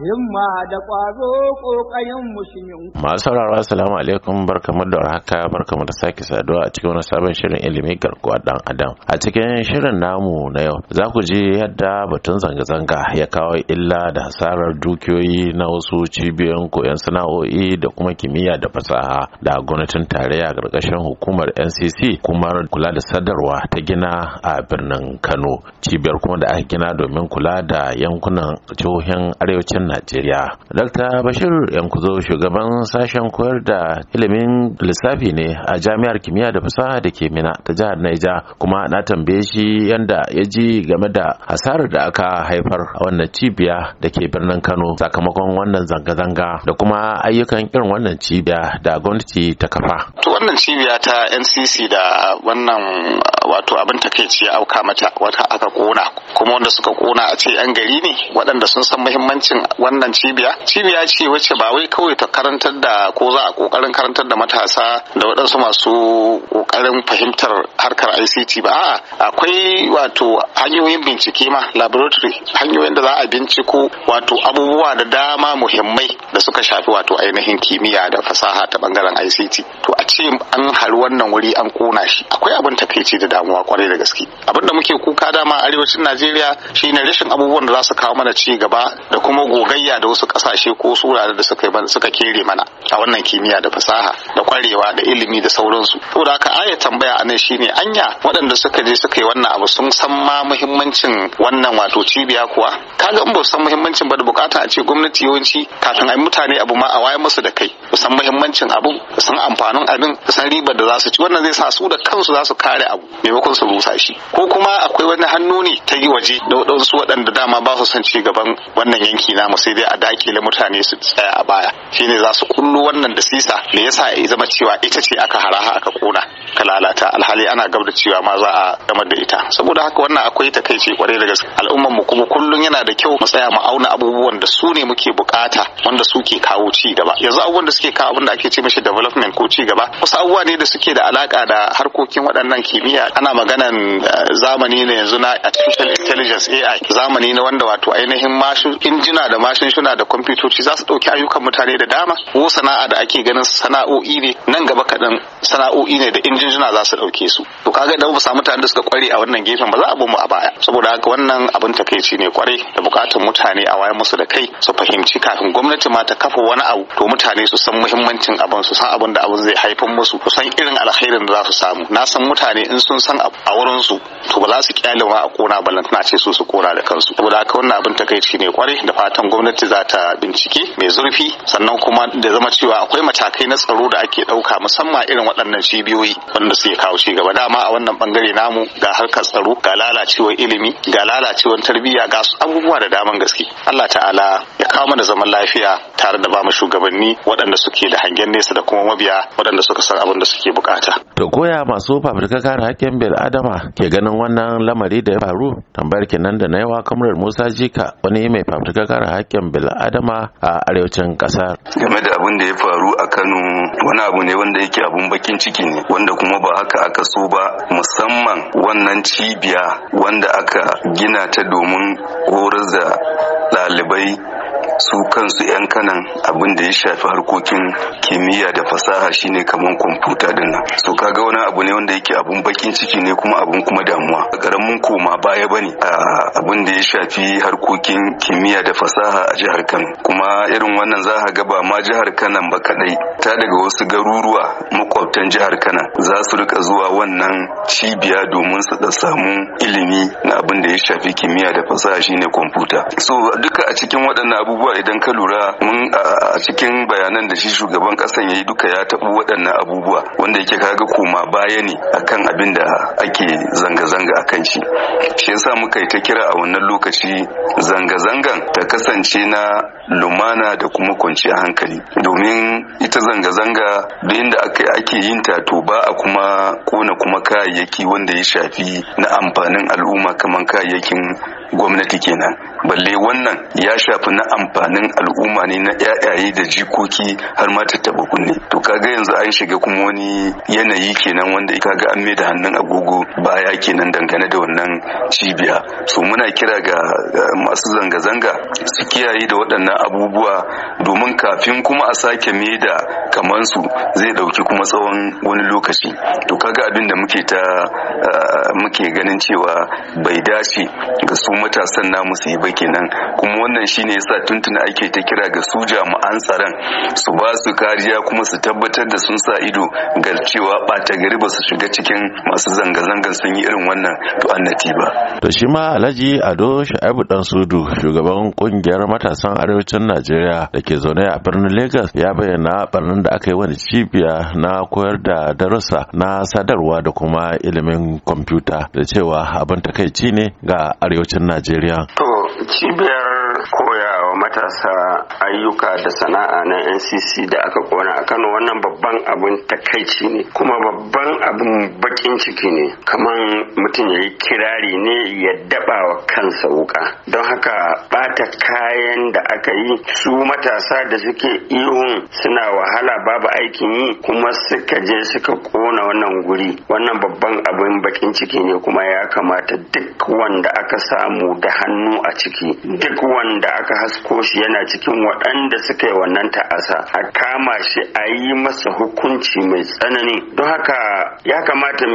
himma da ƙwazo ƙoƙayen musulmi. Masu sauraro assalamu alaikum barkamu da warhaka barkamu da sake saduwa a cikin wani sabon shirin ilimi garkuwa dan adam. A cikin shirin namu na yau za ku ji yadda batun zanga-zanga ya kawo illa da hasarar dukiyoyi na wasu cibiyoyin koyon sana'o'i da kuma kimiyya da fasaha da gwamnatin tarayya ƙarƙashin hukumar NCC kuma kula da sadarwa ta gina a birnin Kano. Cibiyar kuma da aka gina domin kula da yankunan jihohin arewacin tarayyar najeriya dr bashir yankuzo shugaban sashen koyar da ilimin lissafi ne a jami'ar kimiyya da fasaha da ke mina ta jihar naija kuma na tambaye shi yanda ya ji game da hasarar da aka haifar a wannan cibiya da ke birnin kano sakamakon wannan zanga-zanga da kuma ayyukan irin wannan cibiya da gwamnati ta kafa wannan cibiya ta ncc da wannan wato abin takaici ya auka mata wata aka kona kuma wanda suka kona a ce yan gari ne waɗanda sun san muhimmancin wannan cibiya cibiya ce wacce ba wai kawai ta karantar da ko za a kokarin karantar da matasa da waɗansu masu kokarin fahimtar harkar ICT ba a'a akwai wato hanyoyin bincike ma laboratory hanyoyin da za a binciko wato abubuwa da dama muhimmai da suka shafi wato ainihin kimiyya da fasaha ta bangaren ICT to a ce an hari wannan wuri an kona shi akwai abin takaici da damuwa kwarai da gaske abin da muke kuka dama arewacin Najeriya shine rashin abubuwan da za su kawo mana ci gaba da kuma gogayya da wasu kasashe ko surare da suka suka kere mana a wannan kimiyya da fasaha da kwarewa da ilimi da sauransu da haka aya tambaya anan shine anya waɗanda suka je suka yi wannan abu sun san ma muhimmancin wannan wato cibiya kuwa kaga in ba san muhimmancin ba da bukata a ce gwamnati yawanci kafin ai mutane abu ma a waye musu da kai san muhimmancin abun san amfanin abin san ribar da za su ci wannan zai sa su da kansu za su kare abu maimakon su rusa shi ko kuma akwai wani hannu ne ta yi waje da waɗansu waɗanda dama ba su son ci gaban wannan yanki na. samu sai dai a dakile mutane su tsaya a baya shine za su kullu wannan da sisa me yasa ya zama cewa ita ce aka haraha aka kona lalata alhali ana gab da cewa ma za a gamar da ita saboda haka wannan akwai takaici kwarai da gaske al'ummar mu kuma kullun yana da kyau mu tsaya mu auna abubuwan da su ne muke bukata wanda su ke kawo ci gaba yanzu abubuwan da suke kawo abin da ake ce mishi development ko ci gaba wasu abubuwa ne da suke da alaka da harkokin waɗannan kimiyya ana maganan eh, zamani ne yanzu na artificial intelligence AI zamani ne wanda wato ainihin mashin injina da mashin shuna da kwamfutoci za su ɗauki ayyukan mutane da dama ko sana'a da ake ganin sana'o'i ne nan gaba kaɗan sana'o'i ne da injin hotuna za su ɗauke su to kaga idan ba samu mutane da suka kware a wannan gefen ba za a mu a baya saboda haka wannan abin takaici ne kwarai da bukatun mutane a wayar musu da kai su fahimci kafin gwamnati ma ta kafa wani abu to mutane su san muhimmancin abin su san abin da abin zai haifar musu su san irin alkhairin da za su samu na san mutane in sun san a wurin su to ba za su kyale ma a kona tana ce su su kona da kansu saboda haka wannan abin takaici ne kware da fatan gwamnati za ta bincike mai zurfi sannan kuma da zama cewa akwai matakai na tsaro da ake ɗauka musamman irin waɗannan cibiyoyi wanda suke kawo ci gaba dama a wannan bangare namu ga harkar tsaro ga lalacewar ilimi ga lalacewar tarbiyya ga abubuwa da daman gaske Allah ta'ala kawo mana zaman lafiya tare da bamu shugabanni waɗanda suke da hangen nesa da kuma mabiya waɗanda suka san abin da suke bukata. To koya masu fafirka kare hakkin bil adama ke ganin wannan lamari da ya faru tambayar kenan da na yawa kamar Musa Jika wani mai fafirka kare hakkin bil adama a arewacin ƙasar. Game da abin da ya faru a Kano wani abu ne wanda yake abun bakin ciki ne wanda kuma ba haka aka so ba musamman wannan cibiya wanda aka gina ta domin horar da ɗalibai su kansu 'yan kanan abin da ya shafi harkokin kimiyya da fasaha shine kamar kwamfuta din nan so kaga wani abu ne wanda yake abun bakin ciki ne kuma abun kuma damuwa karamin koma baya bane a abin da ya shafi harkokin kimiyya da fasaha a jihar Kano kuma irin wannan za a ga ba ma jihar Kano ba kadai ta daga wasu garuruwa makwabtan jihar Kano za su rika zuwa wannan cibiya domin su da samu ilimi na abin da ya shafi kimiyya da fasaha shine kwamfuta so duka a cikin waɗannan abubuwa yawa idan ka lura mun a cikin bayanan da shi shugaban kasan yi duka ya tabu waɗannan abubuwa wanda yake kaga koma baya ne akan abin da ake zanga-zanga akan shi shi yasa muka yi ta kira a wannan lokaci zanga-zangan ta kasance na lumana da kuma kwanciyar hankali domin ita zanga-zanga da inda ake yin ta to ba a kuma kona kuma kayayyaki wanda ya shafi na amfanin al'umma kamar kayayyakin gwamnati kenan balle wannan ya shafi na amfanin al'umma ne na yayaye da jikoki har ma ta taba kunne to kaga yanzu an shiga kuma wani yanayi kenan wanda kaga an mai da hannun agogo baya kenan dangane da wannan cibiya so muna kira ga masu zanga-zanga su kiyaye da waɗannan abubuwa domin kafin kuma a sake mai da kamansu zai ɗauki kuma tsawon wani lokaci to kaga abin da muke ta eh, muke ganin cewa bai dace ga su matasan namu su yi ba kenan kuma wannan shine yasa tuntuna ake ta kira ga su jami'an tsaron su ba su kariya kuma su tabbatar da sun sa ido ga cewa ɓata gari ba su shiga cikin masu zanga zanga sun yi irin wannan annati ba. To shi ma Alhaji Ado Sha'ibu Dan Sudu shugaban kungiyar matasan arewacin Najeriya da ke zaune a birnin Lagos ya bayyana barnan da aka yi wani cibiya na koyar da darussa na sadarwa da kuma ilimin kwamfuta da cewa abin takaici ne ga arewacin najeriya to cibiyar matasa ayyuka da sana'a na ncc da aka kona a kano wannan babban abin takaici ne kuma babban abin bakin ciki ne kamar mutum ya yi kirari ne ya daba wa kansa wuka don haka bata kayan da aka yi su matasa da suke ihun suna wahala babu aikin yi kuma suka je suka kona wannan guri wannan babban abin bakin ciki ne kuma ya kamata duk wanda aka samu da hannu a ciki duk wanda aka hasko shi yana cikin waɗanda suka yi wannan ta'asa a kama shi a yi masa hukunci mai tsanani don haka ya kamata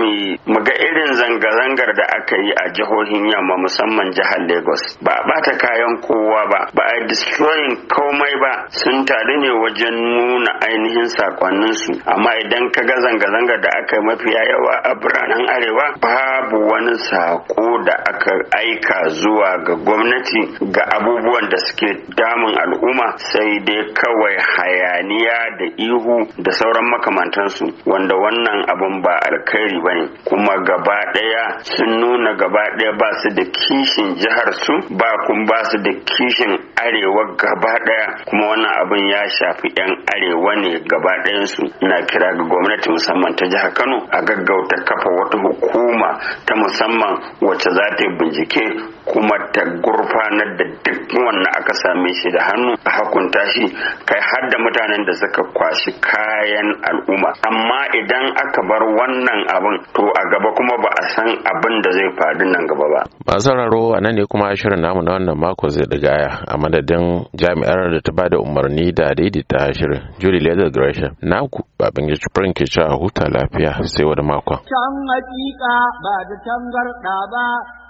mu ga irin zanga-zangar da aka yi a jihohin yamma musamman jihar lagos ba a bata kayan kowa ba ba a destroying komai ba sun taru ne wajen nuna ainihin sakonninsu amma idan ka ga zanga-zangar da aka yi mafiya yawa a biranen arewa babu wani sako da aka aika zuwa ga gwamnati ga abubuwan da suke damun al'umma sai dai kawai hayaniya da ihu da sauran makamantansu wanda wannan abun ba alkhairi ne, kuma gaba ɗaya sun nuna gaba ɗaya ba su da kishin jihar su ba kun ba su da kishin arewa gaba daya kuma wannan abin ya shafi yan arewa ne gaba su ina kira ga gwamnati musamman ta jihar kano a gaggauta kafa wata hukuma ta musamman wacce za ta yi bincike kuma ta gurfanar da duk wannan aka same shi da hannu a hakunta shi kai har da mutanen da suka kwashi kayan al'umma amma idan aka bar wannan abin to a gaba kuma ba a san abin da zai faru nan gaba ba. Masu sauraro nan ne kuma shirin namu na wannan mako zai digaya a madadin jami'ar da ta bada umarni da daidaita shirin Julie Leather Gresham na ku babin ya ke cewa huta lafiya sai wani mako. Can ba da tangarɗa ba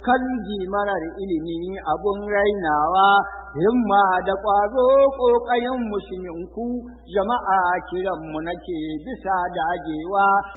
kan marar ilimi abun rainawa himma da ƙwazo ƙoƙarin musulminku jama'a kiranmu nake bisa dagewa.